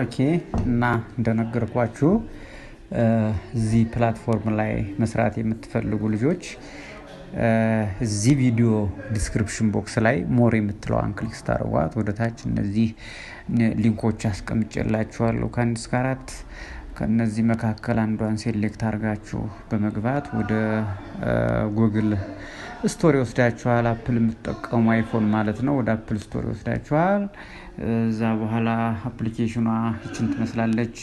ኦኬ እና እንደነገርኳችሁ እዚህ ፕላትፎርም ላይ መስራት የምትፈልጉ ልጆች እዚህ ቪዲዮ ዲስክሪፕሽን ቦክስ ላይ ሞር የምትለዋን ክሊክ ስታደርጓት ወደታች እነዚህ ሊንኮች አስቀምጬላችኋለሁ ከአንድ እስከ አራት። ከእነዚህ መካከል አንዷን ሴሌክት አድርጋችሁ በመግባት ወደ ጉግል ስቶሪ ወስዳችኋል። አፕል የምትጠቀሙ አይፎን ማለት ነው። ወደ አፕል ስቶሪ ወስዳችኋል። እዛ በኋላ አፕሊኬሽኗ ይችን ትመስላለች።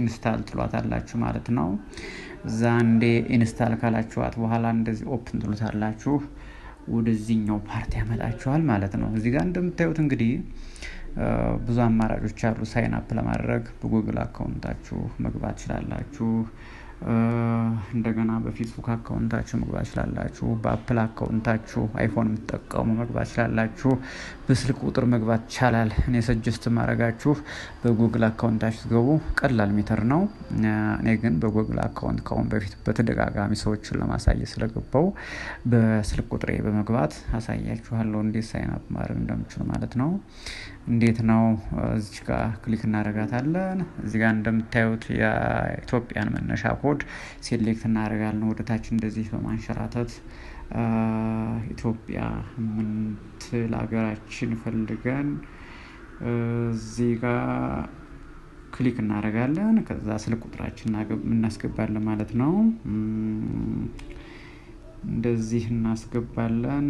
ኢንስታል አላችሁ ማለት ነው። እዛ እንዴ ኢንስታል ካላችኋት በኋላ እንደዚህ ኦፕን አላችሁ ወደዚህኛው ፓርቲ ያመጣችኋል ማለት ነው። እዚህ ጋር እንደምታዩት እንግዲህ ብዙ አማራጮች አሉ። ሳይን አፕ ለማድረግ በጉግል አካውንታችሁ መግባት ትችላላችሁ። እንደገና በፌስቡክ አካውንታችሁ መግባት ችላላችሁ። በአፕል አካውንታችሁ አይፎን የምትጠቀሙ መግባት ችላላችሁ። በስልክ ቁጥር መግባት ይቻላል። እኔ ሰጀስት ማድረጋችሁ በጉግል አካውንታችሁ ስትገቡ ቀላል ሜተር ነው። እኔ ግን በጉግል አካውንት ከአሁን በፊት በተደጋጋሚ ሰዎችን ለማሳየት ስለገባው በስልክ ቁጥሬ በመግባት አሳያችኋለሁ እንዴት ሳይናፕ ማድረግ እንደምችሉ ማለት ነው። እንዴት ነው እዚች ጋር ክሊክ እናደርጋታለን። እዚጋ እንደምታዩት የኢትዮጵያን መነሻ ኮድ ሮድ ሴሌክት እናደርጋለን ወደታች እንደዚህ በማንሸራተት ኢትዮጵያ ምንትል ሀገራችን ፈልገን እዚህ ጋር ክሊክ እናደርጋለን። ከዛ ስልክ ቁጥራችን እናስገባለን ማለት ነው። እንደዚህ እናስገባለን።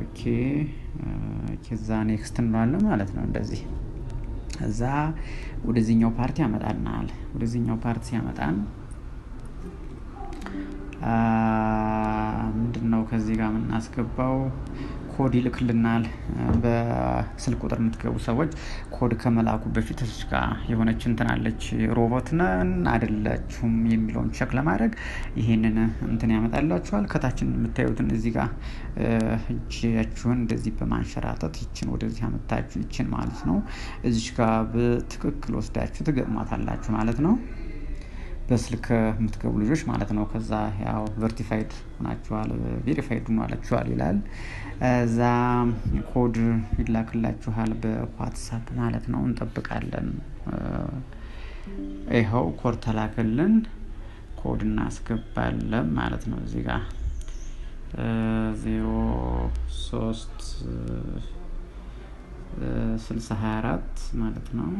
ኦኬ፣ ኬዛ ኔክስት እንለዋለን ማለት ነው እንደዚህ እዛ ወደዚህኛው ፓርቲ ያመጣናል። ወደዚህኛው ፓርቲ ሲያመጣን ምንድን ነው ከዚህ ጋር የምናስገባው ኮድ ይልክልናል። በስልክ ቁጥር የምትገቡ ሰዎች ኮድ ከመላኩ በፊት እዚህ ጋ የሆነች እንትናለች ሮቦት ነን አይደላችሁም የሚለውን ቸክ ለማድረግ ይሄንን እንትን ያመጣላችኋል። ከታችን የምታዩትን እዚህ ጋ እጃችሁን እንደዚህ በማንሸራተት ይችን ወደዚህ አመታችሁ ይችን ማለት ነው እዚህ ጋ በትክክል ወስዳችሁ ትገጥማታላችሁ ማለት ነው። በስልክ የምትገቡ ልጆች ማለት ነው። ከዛ ያው ቨርቲፋይድ ሆናችኋል፣ ቬሪፋይድ ሆናችኋል ይላል። እዛ ኮድ ይላክላችኋል በዋትሳፕ ማለት ነው። እንጠብቃለን። ይኸው ኮድ ተላክልን፣ ኮድ እናስገባለን ማለት ነው። እዚህ ጋር ዜሮ ሶስት ስልሳ ሀያ አራት ማለት ነው።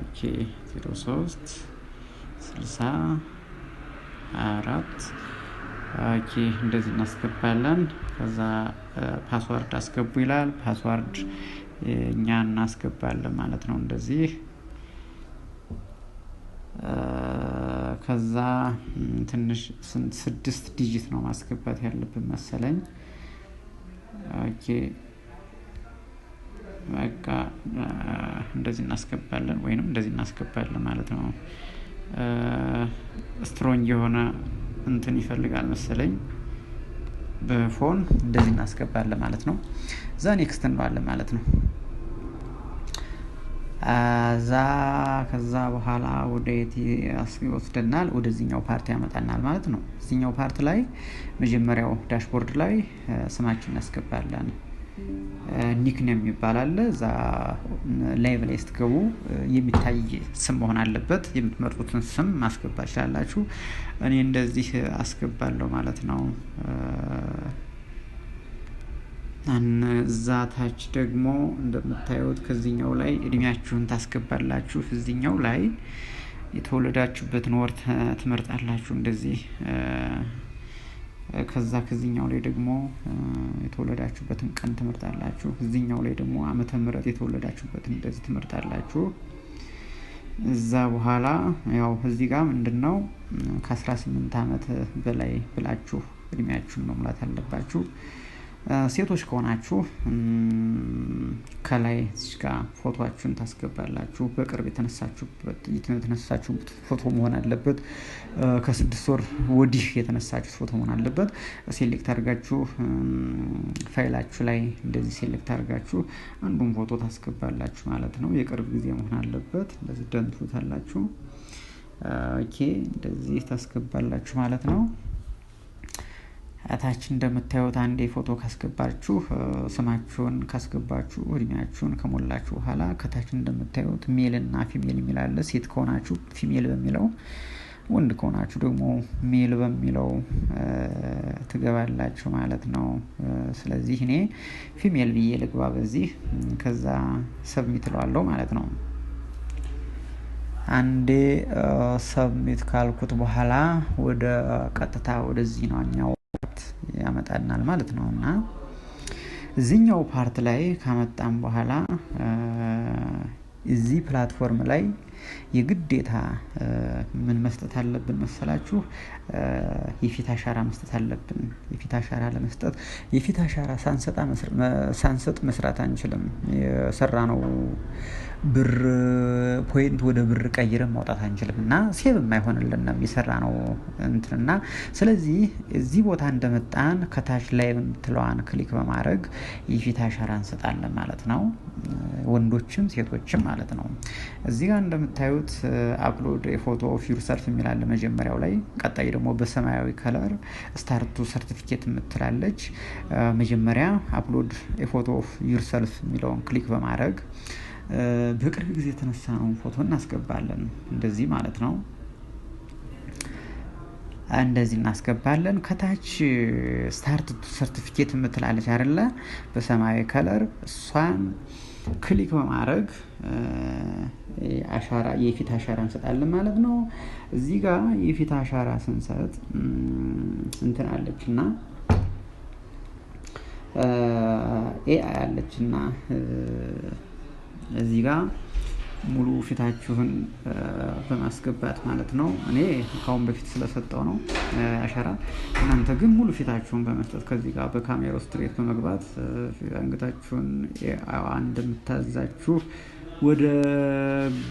ኦኬ ዜሮ ሶስት ስልሳ አራት ኦኬ እንደዚህ እናስገባለን። ከዛ ፓስዋርድ አስገቡ ይላል። ፓስዋርድ እኛ እናስገባለን ማለት ነው እንደዚህ ከዛ ትንሽ ስድስት ዲጂት ነው ማስገባት ያለብን መሰለኝ። ኦኬ በቃ እንደዚህ እናስገባለን ወይንም እንደዚህ እናስገባለን ማለት ነው። ስትሮንግ የሆነ እንትን ይፈልጋል መሰለኝ። በፎን እንደዚህ እናስገባለን ማለት ነው። እዛ ኔክስት እንለዋለን ማለት ነው። እዛ ከዛ በኋላ ወደ ወስደናል ይወስደናል? ወደዚህኛው ፓርት ያመጣናል ማለት ነው። እዚኛው ፓርት ላይ መጀመሪያው ዳሽቦርድ ላይ ስማችን እናስገባለን። ኒክኔም የሚባል አለ። እዛ ላይቭ ላይ ስትገቡ የሚታይ ስም መሆን አለበት። የምትመርጡትን ስም ማስገባ ይችላላችሁ። እኔ እንደዚህ አስገባለሁ ማለት ነው። እዛ ታች ደግሞ እንደምታዩት ከዚኛው ላይ እድሜያችሁን ታስገባላችሁ። እዚኛው ላይ የተወለዳችሁበትን ወር ትመርጣላችሁ እንደዚህ ከዛ ከዚኛው ላይ ደግሞ የተወለዳችሁበትን ቀን ትምህርት አላችሁ። እዚኛው ላይ ደግሞ አመተ ምረት የተወለዳችሁበትን እንደዚህ ትምህርት አላችሁ። እዛ በኋላ ያው እዚህ ጋር ምንድን ነው ከ18 ዓመት በላይ ብላችሁ እድሜያችሁን መሙላት አለባችሁ። ሴቶች ከሆናችሁ ከላይ ጋር ፎቶችሁን ታስገባላችሁ። በቅርብ የተነሳችሁበት ፎቶ መሆን አለበት። ከስድስት ወር ወዲህ የተነሳችሁት ፎቶ መሆን አለበት። ሴሌክት አድርጋችሁ ፋይላችሁ ላይ እንደዚህ ሴሌክት አድርጋችሁ አንዱን ፎቶ ታስገባላችሁ ማለት ነው። የቅርብ ጊዜ መሆን አለበት። እንደዚህ ደንቱታላችሁ። ኦኬ እንደዚህ ታስገባላችሁ ማለት ነው። እታች እንደምታዩት አንዴ ፎቶ ካስገባችሁ ስማችሁን ካስገባችሁ እድሜያችሁን ከሞላችሁ በኋላ ከታች እንደምታዩት ሜልና ፊሜል የሚላለ ሴት ከሆናችሁ ፊሜል በሚለው ወንድ ከሆናችሁ ደግሞ ሜል በሚለው ትገባላችሁ ማለት ነው። ስለዚህ እኔ ፊሜል ብዬ ልግባ በዚህ ከዛ ሰብሚት ለዋለው ማለት ነው። አንዴ ሰብሚት ካልኩት በኋላ ወደ ቀጥታ ወደዚህ ነው ያመጣልናል ማለት ነው እና እዚህኛው ፓርት ላይ ካመጣም በኋላ እዚህ ፕላትፎርም ላይ የግዴታ ምን መስጠት አለብን መሰላችሁ? የፊት አሻራ መስጠት አለብን። የፊት አሻራ ለመስጠት የፊት አሻራ ሳንሰጥ መስራት አንችልም። የሰራ ነው ብር ፖይንት ወደ ብር ቀይረን ማውጣት አንችልም እና የማይሆንልን ነው የሚሰራ ነው እንትንና ስለዚህ እዚህ ቦታ እንደመጣን ከታች ላይ የምትለዋን ክሊክ በማድረግ የፊት አሻራ እንሰጣለን ማለት ነው። ወንዶችም ሴቶችም ማለት ነው። እዚህ ጋር እንደምታዩት አፕሎድ የፎቶ ኦፍ ዩርሰልፍ የሚላለ መጀመሪያው ላይ፣ ቀጣይ ደግሞ በሰማያዊ ከለር ስታርቱ ሰርቲፊኬት የምትላለች መጀመሪያ አፕሎድ የፎቶ ኦፍ ዩርሰልፍ የሚለውን ክሊክ በማድረግ በቅርብ ጊዜ ነው ፎቶ እናስገባለን። እንደዚህ ማለት ነው። እንደዚህ እናስገባለን። ከታች ስታርት ሰርቲፊኬት የምትላለች አይደለ? በሰማያዊ ከለር እሷን ክሊክ በማድረግ አሻራ የፊት አሻራ እንሰጣለን ማለት ነው። እዚህ ጋር የፊት አሻራ ስንሰጥ እንትናለች እና ኤአይ አለች እና እዚህ ጋር ሙሉ ፊታችሁን በማስገባት ማለት ነው። እኔ ካሁን በፊት ስለሰጠው ነው አሻራ። እናንተ ግን ሙሉ ፊታችሁን በመስጠት ከዚህ ጋር በካሜራ ውስጥ ሬት በመግባት አንገታችሁን የምታዛችሁ ወደ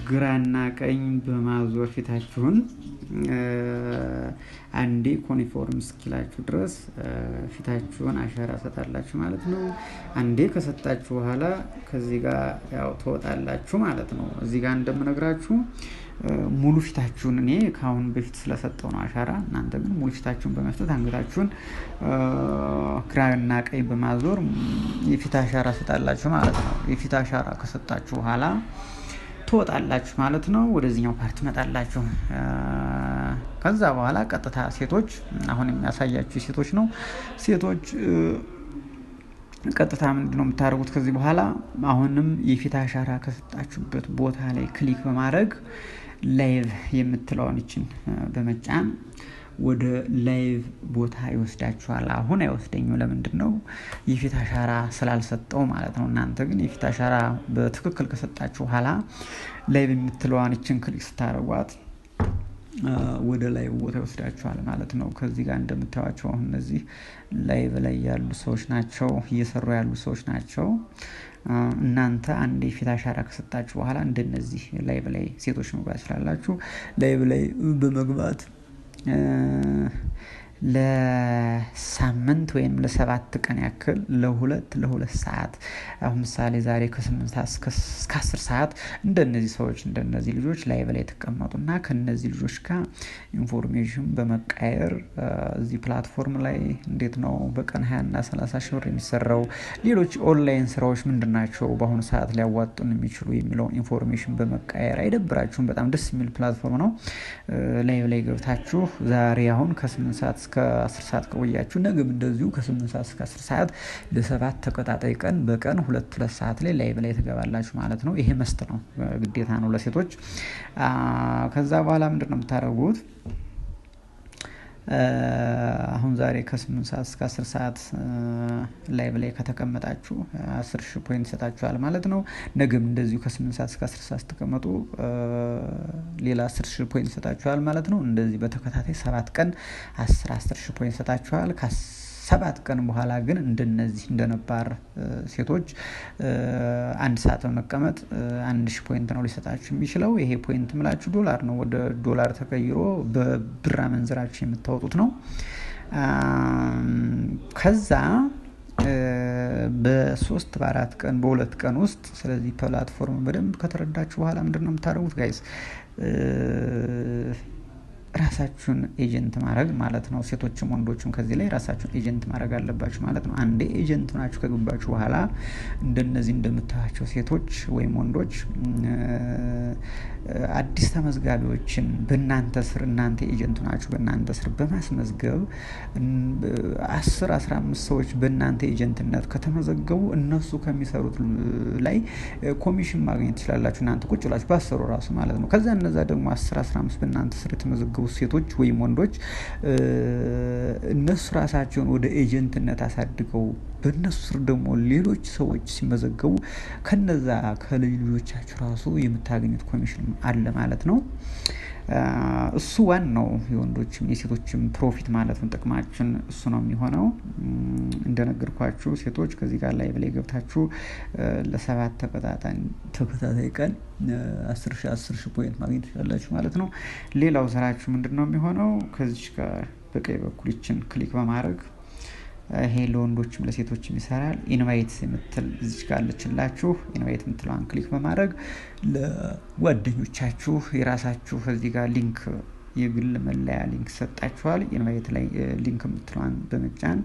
ግራና ቀኝ በማዞር ፊታችሁን አንዴ ኮኒፎርም እስኪላችሁ ድረስ ፊታችሁን አሻራ ሰጣላችሁ ማለት ነው። አንዴ ከሰጣችሁ በኋላ ከዚህ ጋር ያው ትወጣላችሁ ማለት ነው። እዚህ ጋር እንደምነግራችሁ ሙሉ ፊታችሁን እኔ ከአሁን በፊት ስለሰጠው ነው አሻራ። እናንተ ግን ሙሉ ፊታችሁን በመስጠት አንገታችሁን ግራና ቀኝ በማዞር የፊት አሻራ ሰጣላችሁ ማለት ነው። የፊት አሻራ ከሰጣችሁ በኋላ ትወጣላችሁ ማለት ነው። ወደዚኛው ፓርት መጣላችሁ። ከዛ በኋላ ቀጥታ ሴቶች አሁን የሚያሳያችሁ ሴቶች ነው። ሴቶች ቀጥታ ምንድን ነው የምታደርጉት? ከዚህ በኋላ አሁንም የፊት አሻራ ከሰጣችሁበት ቦታ ላይ ክሊክ በማድረግ ላይቭ የምትለውን ይችን በመጫን ወደ ላይቭ ቦታ ይወስዳችኋል። አሁን አይወስደኝም። ለምንድን ነው? የፊት አሻራ ስላልሰጠው ማለት ነው። እናንተ ግን የፊት አሻራ በትክክል ከሰጣችሁ በኋላ ላይቭ የምትለዋን ይችን ክሊክ ስታደርጓት ወደ ላይቭ ቦታ ይወስዳችኋል ማለት ነው። ከዚህ ጋር እንደምታዩቸው አሁን እነዚህ ላይቭ ላይ ያሉ ሰዎች ናቸው፣ እየሰሩ ያሉ ሰዎች ናቸው። እናንተ አንድ የፊት አሻራ ከሰጣችሁ በኋላ እንደነዚህ ላይ ላይ ሴቶች መግባት ስላላችሁ ላይ ላይ በመግባት ለሳምንት ወይም ለሰባት ቀን ያክል ለሁለት ለሁለት ሰዓት አሁን ምሳሌ ዛሬ ከስምንት እስከ አስር ሰዓት እንደነዚህ ሰዎች እንደነዚህ ልጆች ላይ በላይ የተቀመጡና ከነዚህ ልጆች ጋር ኢንፎርሜሽን በመቃየር እዚህ ፕላትፎርም ላይ እንዴት ነው በቀን ሀያ እና ሰላሳ ሺህ ብር የሚሰራው ሌሎች ኦንላይን ስራዎች ምንድን ናቸው በአሁኑ ሰዓት ሊያዋጡን የሚችሉ የሚለውን ኢንፎርሜሽን በመቃየር አይደብራችሁም። በጣም ደስ የሚል ፕላትፎርም ነው። ላይ በላይ ገብታችሁ ዛሬ አሁን ከስምንት ሰዓት እስከ 10 ሰዓት ከቆያችሁ ነገም እንደዚሁ ከ8 ሰዓት እስከ 10 ሰዓት ለሰባት ተቀጣጣይ ቀን በቀን ሁለት ሁለት ሰዓት ላይ ላይ ብላይ ትገባላችሁ ማለት ነው። ይሄ መስት ነው፣ ግዴታ ነው ለሴቶች። ከዛ በኋላ ምንድን ነው የምታደርጉት? አሁን ዛሬ ከ8 ሰዓት እስከ 10 ሰዓት ላይ ብላይ ከተቀመጣችሁ 10 ሺ ፖይንት ይሰጣችኋል ማለት ነው። ነገም እንደዚሁ ከ8 ሰዓት እስከ 10 ሰዓት ስትቀመጡ ሌላ 10 ሺ ፖይንት ይሰጣችኋል ማለት ነው። እንደዚህ በተከታታይ ሰባት ቀን 10 10 ሺ ፖይንት ይሰጣችኋል። ሰባት ቀን በኋላ ግን እንደነዚህ እንደነባር ሴቶች አንድ ሰዓት በመቀመጥ አንድ ሺህ ፖይንት ነው ሊሰጣችሁ የሚችለው። ይሄ ፖይንት ምላችሁ ዶላር ነው። ወደ ዶላር ተቀይሮ በብር አመንዝራችሁ የምታወጡት ነው። ከዛ በሶስት በአራት ቀን በሁለት ቀን ውስጥ ስለዚህ ፕላትፎርም በደንብ ከተረዳችሁ በኋላ ምንድን ነው የምታደርጉት ጋይስ? ራሳችሁን ኤጀንት ማድረግ ማለት ነው። ሴቶችም ወንዶችም ከዚህ ላይ ራሳችሁን ኤጀንት ማድረግ አለባችሁ ማለት ነው። አንዴ ኤጀንት ናችሁ ከገባችሁ በኋላ እንደነዚህ እንደምታዩቸው ሴቶች ወይም ወንዶች አዲስ ተመዝጋቢዎችን በእናንተ ስር እናንተ ኤጀንቱ ናችሁ በእናንተ ስር በማስመዝገብ አስር አስራ አምስት ሰዎች በእናንተ ኤጀንትነት ከተመዘገቡ እነሱ ከሚሰሩት ላይ ኮሚሽን ማግኘት ትችላላችሁ። እናንተ ቁጭ ብላችሁ ባሰሩ ራሱ ማለት ነው። ከዛ እነዛ ደግሞ አስር አስራ አምስት በእናንተ ስር የተመዘገቡ ሴቶች ወይም ወንዶች እነሱ ራሳቸውን ወደ ኤጀንትነት አሳድገው በእነሱ ስር ደግሞ ሌሎች ሰዎች ሲመዘገቡ ከነዛ ከልጅ ራሱ የምታገኙት ኮሚሽን አለ ማለት ነው። እሱ ዋናው የወንዶችም የሴቶችም ፕሮፊት ማለት ነው፣ ጥቅማችን እሱ ነው የሚሆነው። እንደነገርኳችሁ ሴቶች ከዚህ ጋር ላይ ብላይ ገብታችሁ ለሰባት ተከታታይ ቀን አስር ሺ አስር ሺ ፖይንት ማግኘት ትችላላችሁ ማለት ነው። ሌላው ስራችሁ ምንድን ነው የሚሆነው? ከዚች ጋር በቀኝ በኩል ይችን ክሊክ በማድረግ ይሄ ለወንዶችም ለሴቶችም ይሰራል። ኢንቫይት የምትል እዚች ጋር ኢንቫይት የምትለዋን ክሊክ በማድረግ ለጓደኞቻችሁ የራሳችሁ እዚህ ጋር ሊንክ የግል መለያ ሊንክ ሰጣችኋል። ኢንቫይት ላይ ሊንክ የምትለዋን በመጫን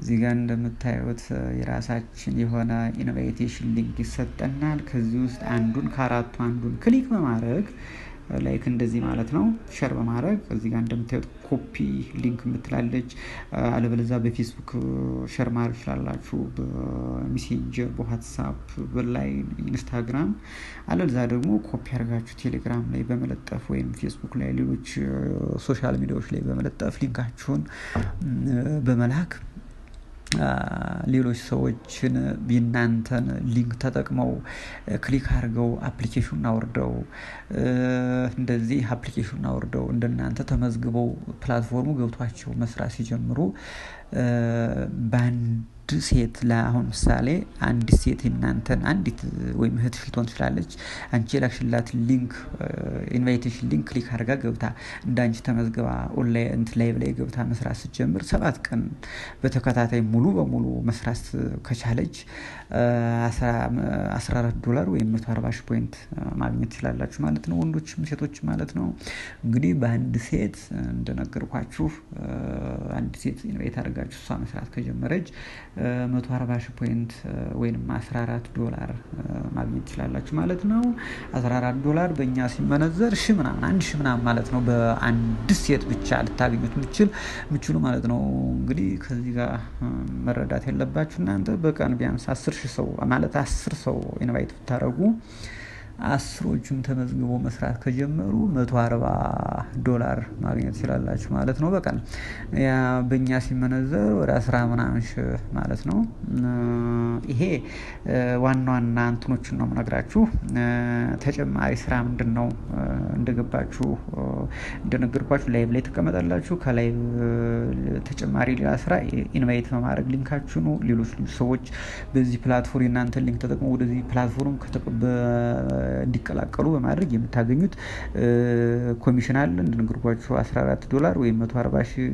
እዚህ ጋር እንደምታዩት የራሳችን የሆነ ኢንቫይቴሽን ሊንክ ይሰጠናል። ከዚህ ውስጥ አንዱን ከአራቱ አንዱን ክሊክ በማድረግ ላይክ እንደዚህ ማለት ነው ሸር በማድረግ እዚህ ጋር እንደምታዩት ኮፒ ሊንክ የምትላለች አለበለዛ በፌስቡክ ሸር ማድረግ ይችላላችሁ በሜሴንጀር በዋትሳፕ በላይን ኢንስታግራም አለበለዛ ደግሞ ኮፒ አድርጋችሁ ቴሌግራም ላይ በመለጠፍ ወይም ፌስቡክ ላይ ሌሎች ሶሻል ሚዲያዎች ላይ በመለጠፍ ሊንካችሁን በመላክ ሌሎች ሰዎችን የእናንተን ሊንክ ተጠቅመው ክሊክ አድርገው አፕሊኬሽን አውርደው እንደዚህ አፕሊኬሽን አውርደው እንደናንተ ተመዝግበው ፕላትፎርሙ ገብቷቸው መስራት ሲጀምሩ በአንድ አንድ ሴት ለአሁን ምሳሌ አንድ ሴት እናንተን አንዲት ወይም እህት ሽልቶን ትችላለች። አንቺ የላክሽላት ሊንክ ኢንቫይቴሽን ሊንክ ክሊክ አድርጋ ገብታ እንደ አንቺ ተመዝግባ ኦንላይን ላይቭ ላይ ገብታ መስራት ስትጀምር ሰባት ቀን በተከታታይ ሙሉ በሙሉ መስራት ከቻለች 14 ዶላር ወይም 140 ፖይንት ማግኘት ትችላላችሁ ማለት ነው። ወንዶችም ሴቶች ማለት ነው። እንግዲህ በአንድ ሴት እንደነገርኳችሁ አንድ ሴት ኢንቫይት አድርጋችሁ እሷ መስራት ከጀመረች 140 ሺህ ፖይንት ወይም 14 ዶላር ማግኘት ትችላላችሁ ማለት ነው። 14 ዶላር በእኛ ሲመነዘር ሺህ ምናምን አንድ ሺህ ምናምን ማለት ነው። በአንድ ሴት ብቻ ልታገኙት ምችል ምችሉ ማለት ነው። እንግዲህ ከዚህ ጋር መረዳት የለባችሁ እናንተ በቀን ቢያንስ 10 ሺህ ሰው ማለት 10 ሰው ኢንቫይት ብታደረጉ አስሮቹም ተመዝግቦ መስራት ከጀመሩ 140 ዶላር ማግኘት ይችላላችሁ ማለት ነው በቀን ያ በእኛ ሲመነዘር ወደ አስራ ምናምን ማለት ነው። ይሄ ዋና ዋና እንትኖችን ነው የምነግራችሁ። ተጨማሪ ስራ ምንድን ነው እንደገባችሁ እንደነገርኳችሁ ላይቭ ላይ ትቀመጣላችሁ። ከላይቭ ተጨማሪ ሌላ ስራ ኢንቫይት በማድረግ ሊንካችሁ ነው። ሌሎች ሰዎች በዚህ ፕላትፎርም የእናንተን ሊንክ ተጠቅመው ወደዚህ ፕላትፎርም እንዲቀላቀሉ በማድረግ የምታገኙት ኮሚሽን አለ እንደነገርኳችሁ 14 ዶላር ወይም 140 ሺህ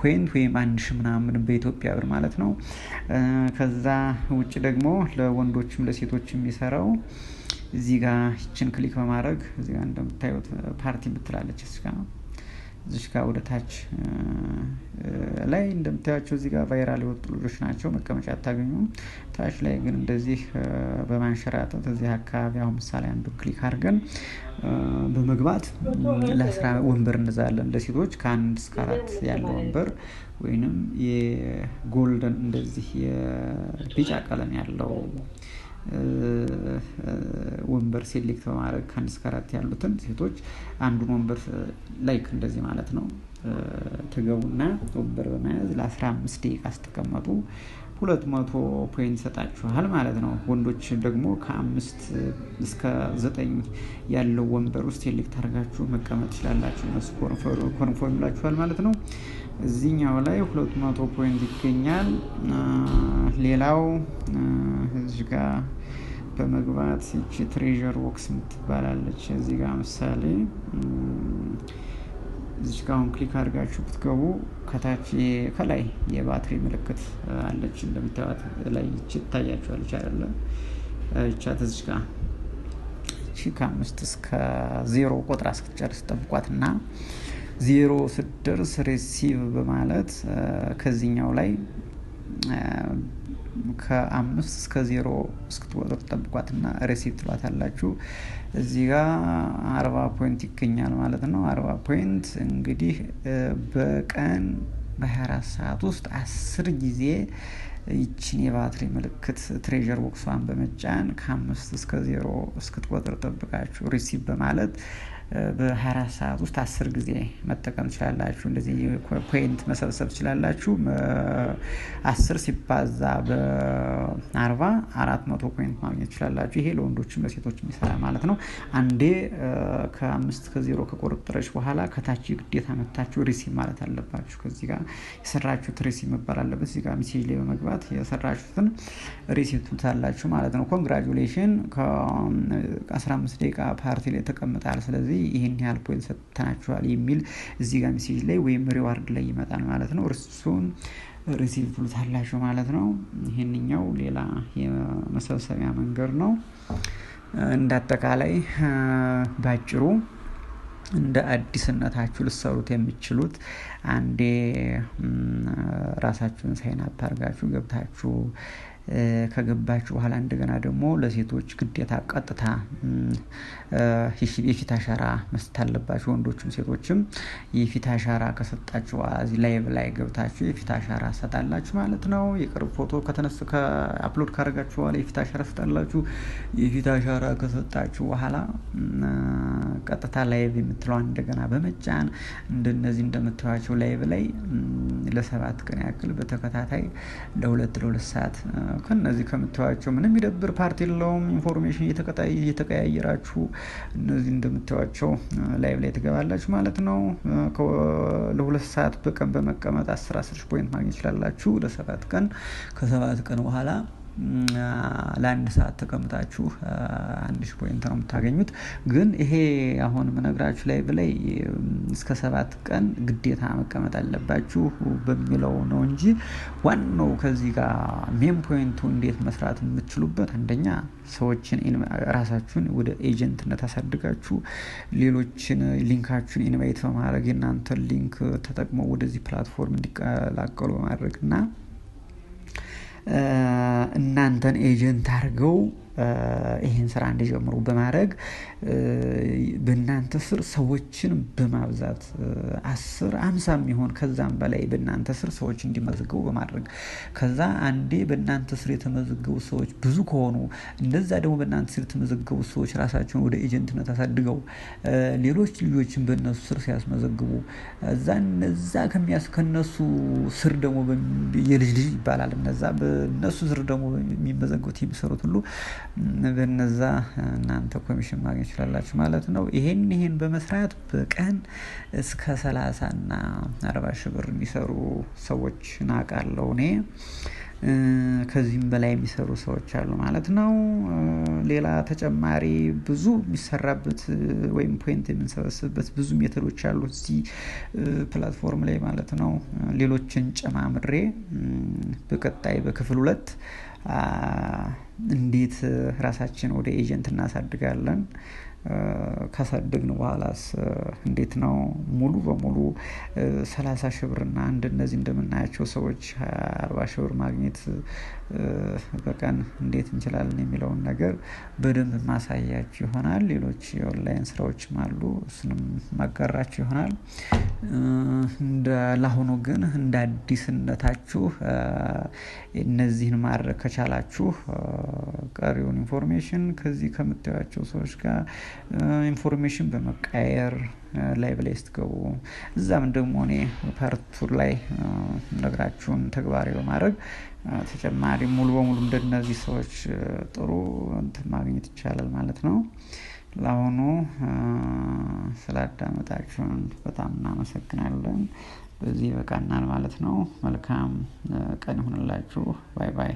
ፖይንት ወይም አንድ ሺ ምናምን በኢትዮጵያ ብር ማለት ነው። ከዛ ውጭ ደግሞ ለወንዶችም ለሴቶችም የሚሰራው እዚህ ጋር ይችን ክሊክ በማድረግ እዚህ ጋር እንደምታዩት ፓርቲ ምትላለች እስጋ ነው እዚህ ጋር ወደ ታች ላይ እንደምታያቸው እዚህ ጋር ቫይራል የወጡ ልጆች ናቸው። መቀመጫ አታገኙም። ታች ላይ ግን እንደዚህ በማንሸራጠት እዚህ አካባቢ አሁን ምሳሌ አንዱ ክሊክ አድርገን በመግባት ለስራ ወንበር እንዛለን። ለሴቶች ከአንድ እስከ አራት ያለ ወንበር ወይንም የጎልደን እንደዚህ የቢጫ ቀለም ያለው ወንበር ሴሌክት በማድረግ ከአንድ እስከ አራት ያሉትን ሴቶች አንዱን ወንበር ላይክ እንደዚህ ማለት ነው ትገቡና ወንበር በመያዝ ለ15 ደቂቃ ስትቀመጡ ሁለት መቶ ፖይንት ይሰጣችኋል ማለት ነው። ወንዶች ደግሞ ከአምስት እስከ ዘጠኝ ያለው ወንበር ውስጥ ሴሌክት አድርጋችሁ መቀመጥ ትችላላችሁ። እነሱ ይላችኋል ማለት ነው። እዚህኛው ላይ 200 ፖይንት ይገኛል። ሌላው እዚህ ጋር በመግባት ይቺ ትሬዠር ቦክስ የምትባላለች እዚህ ጋር ምሳሌ እዚች ጋር አሁን ክሊክ አድርጋችሁ ብትገቡ ከታች ከላይ የባትሪ ምልክት አለች እንደምታዩት ላይ ይቺ ትታያችኋለች አይደለ? ይቻት እዚች ጋ ይቺ ከአምስት እስከ ዜሮ ቁጥር እስክትጨርስ ጠብቋት እና ዜሮ ስደርስ ሬሲቭ በማለት ከዚህኛው ላይ ከአምስት እስከ ዜሮ እስክትወጥር ጠብቋትና ሬሲቭ ትሏት አላችሁ። እዚህ ጋ አርባ ፖይንት ይገኛል ማለት ነው። አርባ ፖይንት እንግዲህ በቀን በ24 ሰዓት ውስጥ አስር ጊዜ ይችን የባትሪ ምልክት ትሬር ቦክሷን በመጫን ከአምስት እስከ ዜሮ እስክትቆጥር ጠብቃችሁ ሪሲቭ በማለት በ24 ሰዓት ውስጥ አስር ጊዜ መጠቀም ትችላላችሁ። እንደዚህ ፖይንት መሰብሰብ ትችላላችሁ። አስር ሲባዛ በ40 አራት መቶ ፖይንት ማግኘት ትችላላችሁ። ይሄ ለወንዶችም ለሴቶችም ይሰራ ማለት ነው። አንዴ ከአምስት ከዜሮ ከቆረጠረች በኋላ ከታች ግዴታ መታችሁ ሪሲቭ ማለት አለባችሁ። ከዚህ ጋር የሰራችሁት ሪሲቭ መባል አለበት። እዚህ ጋር ሚሴጅ ላይ በመግባት የሰራችሁትን ሪሲቭ ትታላችሁ ማለት ነው። ኮንግራጁሌሽን ከ15 ደቂቃ ፓርቲ ላይ ተቀምጣል። ስለዚህ ይህን ያህል ፖይንት ሰጥተናችኋል የሚል እዚህ ጋር ሜሴጅ ላይ ወይም ሪዋርድ ላይ ይመጣል ማለት ነው። እርሱን ሪሲቭ ትሉታላችሁ ማለት ነው። ይህንኛው ሌላ የመሰብሰቢያ መንገድ ነው። እንዳጠቃላይ ባጭሩ እንደ አዲስነታችሁ ልሰሩት የምችሉት አንዴ ራሳችሁን ሳይን አድርጋችሁ ገብታችሁ ከገባች በኋላ እንደገና ደግሞ ለሴቶች ግዴታ ቀጥታ የፊት አሻራ መስጠት አለባቸው። ወንዶችም ሴቶችም የፊት አሻራ ከሰጣችሁ እዚህ ላይ ላይ ገብታችሁ የፊት አሻራ ሰጣላችሁ ማለት ነው። የቅርብ ፎቶ ከተነሱ ከአፕሎድ ካደረጋችሁ በኋላ የፊት አሻራ ሰጣላችሁ። የፊት አሻራ ከሰጣችሁ በኋላ ቀጥታ ላይቭ የምትለዋን እንደገና በመጫን እንደነዚህ እንደምታዩቸው ላይቭ ላይ ለሰባት ቀን ያክል በተከታታይ ለሁለት ለሁለት ሰዓት ከነዚህ ከምታዩቸው ምንም ይደብር ፓርቲ የለውም። ኢንፎርሜሽን እየተቀያየራችሁ እነዚህ እንደምታዩቸው ላይቭ ላይ ትገባላችሁ ማለት ነው። ለሁለት ሰዓት በቀን በመቀመጥ አስር አስር ሺህ ፖይንት ማግኘት ይችላላችሁ ለሰባት ቀን ከሰባት ቀን በኋላ ለአንድ ሰዓት ተቀምጣችሁ አንድ ሺ ፖይንት ነው የምታገኙት። ግን ይሄ አሁን ምነግራችሁ ላይ ብላይ እስከ ሰባት ቀን ግዴታ መቀመጥ አለባችሁ በሚለው ነው እንጂ ዋናው ከዚህ ጋር ሜን ፖይንቱ እንዴት መስራት የምትችሉበት አንደኛ ሰዎችን ራሳችሁን ወደ ኤጀንትነት አሳድጋችሁ ሌሎችን ሊንካችሁን ኢንቫይት በማድረግ የእናንተን ሊንክ ተጠቅመው ወደዚህ ፕላትፎርም እንዲቀላቀሉ በማድረግ እና እናንተን ኤጀንት አድርገው ይህን ስራ እንዲጀምሩ በማድረግ በእናንተ ስር ሰዎችን በማብዛት አስር አምሳ የሚሆን ከዛም በላይ በእናንተ ስር ሰዎች እንዲመዘገቡ በማድረግ ከዛ አንዴ በእናንተ ስር የተመዘገቡ ሰዎች ብዙ ከሆኑ እንደዛ ደግሞ በእናንተ ስር የተመዘገቡ ሰዎች ራሳቸውን ወደ ኤጀንትነት አሳድገው ሌሎች ልጆችን በእነሱ ስር ሲያስመዘግቡ እዛ እነዛ ከሚያስ ከነሱ ስር ደግሞ የልጅ ልጅ ይባላል እነዛ በእነሱ ስር ደግሞ የሚመዘግቡት የሚሰሩት ሁሉ በነዛ እናንተ ኮሚሽን ማግኘት ይችላላችሁ ማለት ነው። ይሄን ይሄን በመስራት በቀን እስከ ሰላሳ እና አርባ ሺህ ብር የሚሰሩ ሰዎች ናቃለው እኔ ከዚህም በላይ የሚሰሩ ሰዎች አሉ ማለት ነው። ሌላ ተጨማሪ ብዙ የሚሰራበት ወይም ፖይንት የምንሰበስብበት ብዙ ሜተዶች አሉ እዚህ ፕላትፎርም ላይ ማለት ነው። ሌሎችን ጨማምሬ በቀጣይ በክፍል ሁለት እንዴት ራሳችን ወደ ኤጀንት እናሳድጋለን ካሳደግን በኋላስ እንዴት ነው ሙሉ በሙሉ ሰላሳ ሺህ ብርና አንድ እነዚህ እንደምናያቸው ሰዎች አርባ ሽብር ማግኘት በቀን እንዴት እንችላለን የሚለውን ነገር በደንብ ማሳያችሁ ይሆናል። ሌሎች የኦንላይን ስራዎችም አሉ፣ እሱንም ማጋራችሁ ይሆናል። ለአሁኑ ግን እንደ አዲስነታችሁ እነዚህን ማድረግ ከቻላችሁ ቀሪውን ኢንፎርሜሽን ከዚህ ከምታዩቸው ሰዎች ጋር ኢንፎርሜሽን በመቀየር ላይ ላይ ስትገቡ እዛም ደግሞ እኔ ፓርቱር ላይ ነግራችሁን ተግባራዊ በማድረግ ተጨማሪ ሙሉ በሙሉ እንደነዚህ ሰዎች ጥሩ እንትን ማግኘት ይቻላል ማለት ነው። ለአሁኑ ስላዳመጣችሁን በጣም እናመሰግናለን። በዚህ ይበቃናል ማለት ነው። መልካም ቀን ይሁንላችሁ። ባይ ባይ።